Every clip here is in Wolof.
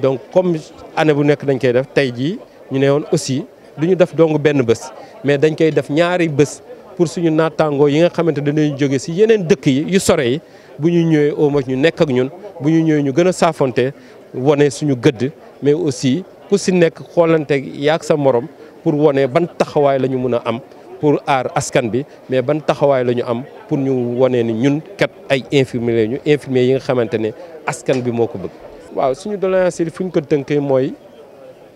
donc comme année bu nekk dañ koy def tey jii ñu ne woon aussi du ñu def dong benn bés mais dañ koy def ñaari bés pour suñu naataangoo yi nga xamante danañ jóge si yeneen dëkk yi yu sore yi bu ñu ñëwee au moins ñu nekk ak ñun bu ñu ñëwee ñu gën a saafonte wane suñu gëdd mais aussi ku si nekk xoolante ak sa morom pour wane ban taxawaay la ñu mun a am pour aar askan bi mais ban taxawaay la ñu am pour ñu wane ni ñun kat ay infirmiers ñu infirmiers yi nga xamante ne askan bi moo ko bëgg. waaw suñu doléance si fu ñu ko tënkee mooy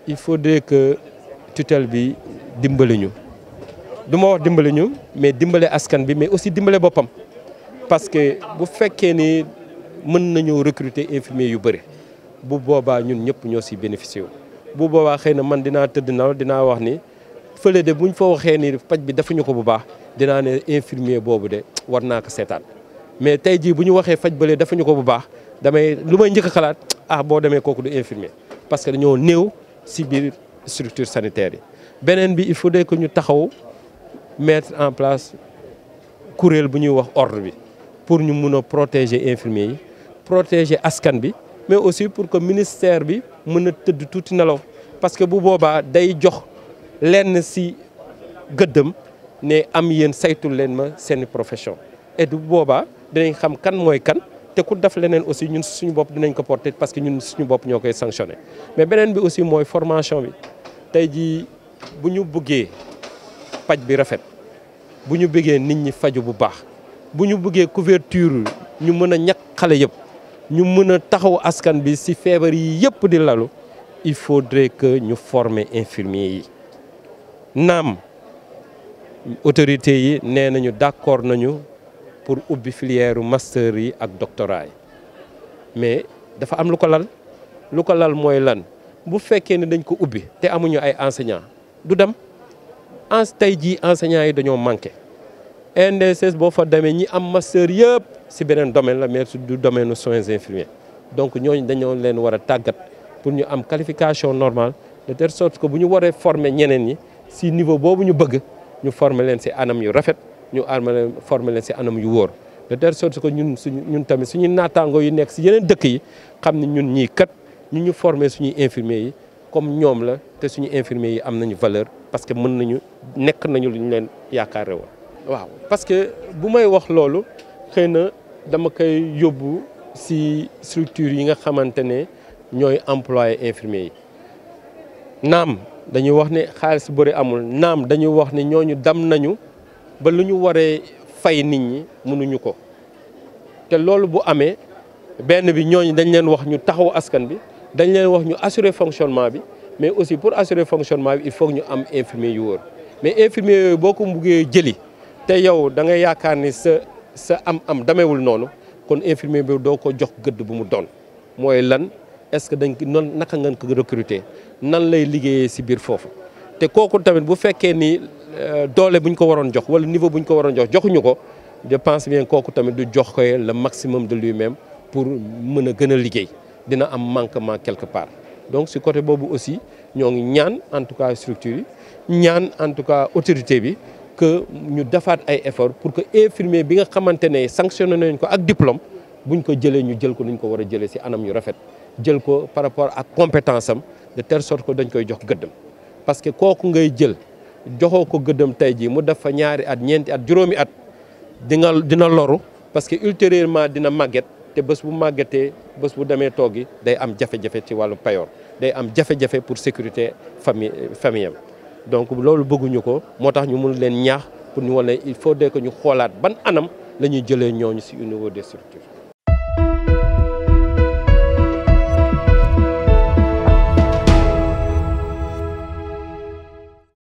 il faut faudrait que tutelle bi dimbale ñu du ma wax dimbali ñu mais dimbale askan bi mais aussi dimbale boppam parce que bu fekkee ni mën nañoo recruter infirmier yu bëri bu boobaa ñun ñëpp ñoo si bénéficié wu. bu boobaa xëy na man dinaa tëdd na dinaa wax ni fële de buñ fa waxee ni paj bi defuñu ko bu baax dinaa ne infirmier boobu de war naa ko seetaan. mais tey jii bu ñu waxee faj bële ko bu baax damay lumay ñëk xalaat ah bo démé koku du infirmier parce que dañoo néw ci biir structure sanitaire benen bi il faudrait que ñu taxaw mettre en place kuréel buñu wax ordre bi pour ñu mëna protéger infirmier yi protéger askan bi mais aussi pour que ministère bi mëna teud touti nalaw parce que bu boba day jox lenn si gëddëm né am yeen saytul leen ma sen profession et du boba dinañ xam kan moy kan té ku def lénen aussi ñun suñu bop dinañ ko porter parce que ñun suñu bop ñokay koy sanctionné mais benen bi aussi moy formation bi tay ji buñu bëggé bëggee paj bi rafet buñu bëggé nit ñi faju bu baax buñu bëggé couverture ñu mëna ñak xalé yëp ñu mëna taxaw askan bi ci feebar yi yëpp di lalu il faudrait que ñu former infirmier yi autorité yi nee nañu d'accord nañu pour ubbi filière master yi ak doctorat mais dafa am lu ko lal lu ko lal mooy lan bu fekkee ne dañ ko ubbi te amuñu ay enseignants du dem en tey jii enseignants yi dañoo manqué NDSS boo fa demee ñi am master yëpp si beneen domaine la mais du domaine nu soins infirmiers donc ñooñu dañoo leen war a tàggat pour ñu am qualification normale de telle sorte que bu ñu waree former ñeneen yi si niveau boobu ñu bëgg ñu former leen si anam yu rafet. ñu armé formé leen si anam yu wóor de telle sorte que ñun suñu ñun tamit suñu naataangoo yu nekk si yeneen dëkk yi xam ne ñun ñii kat ñu ñu formé suñuy infirmier yi comme ñoom la te suñu infirmier yi am nañu valeur parce que mën nañu nekk nañu lu ñu leen yaakaare woon waaw parce que bu may wax loolu xëy na dama koy yóbbu si structure yi nga xamante ne ñooy employé infirmier yi naam dañuy wax ne xaalis bëri amul naam dañuy wax ni ñooñu dam nañu ba lu ñu waree fay nit ñi mënuñu ko te loolu bu amee benn bi ñooñu dañ leen wax ñu taxaw askan bi dañ leen wax ñu assurer fonctionnement bi mais aussi pour assurer fonctionnement bi il faut ñu am infirmier yu wóor mais infirmier yooyu boo ko buggee jëli te yow da ngay yaakaar ni sa sa am-am demewul noonu kon infirmier bi doo ko jox gëdd bu mu doon mooy lan est-ce que dañ ko noonu naka ngeen ko recruter nan lay liggéeyee si biir foofu te kooku tamit bu fekkee ni. Euh, doole pense ko niveau ko jox je pense bien tamit du le maximum de lui-même pour mën a manquement quelque part donc ce côté aussi ñoo en tout cas structure yi en tout cas autorité bi que ñu ay effort pour que infirmier bi nga xamante sanctionné diplôme buñ ko par rapport à compétence de telle sorte que dañ koy jox gëddam parce que ngay jël joxoo ko gëddëm tey jii mu def fa ñaari at ñeenti at juróomi at dina dina loru parce que ultérieurement dina màgget te bés bu màggetee bés bu demee toogi day am jafe-jafe ci wàllu payoor day am jafe-jafe pour sécurité famille famille am donc loolu bëgguñu ko moo tax ñu mun leen ñaax pour ñu wane il faut que ñu xoolaat ban anam la jëlee ñooñu si au de des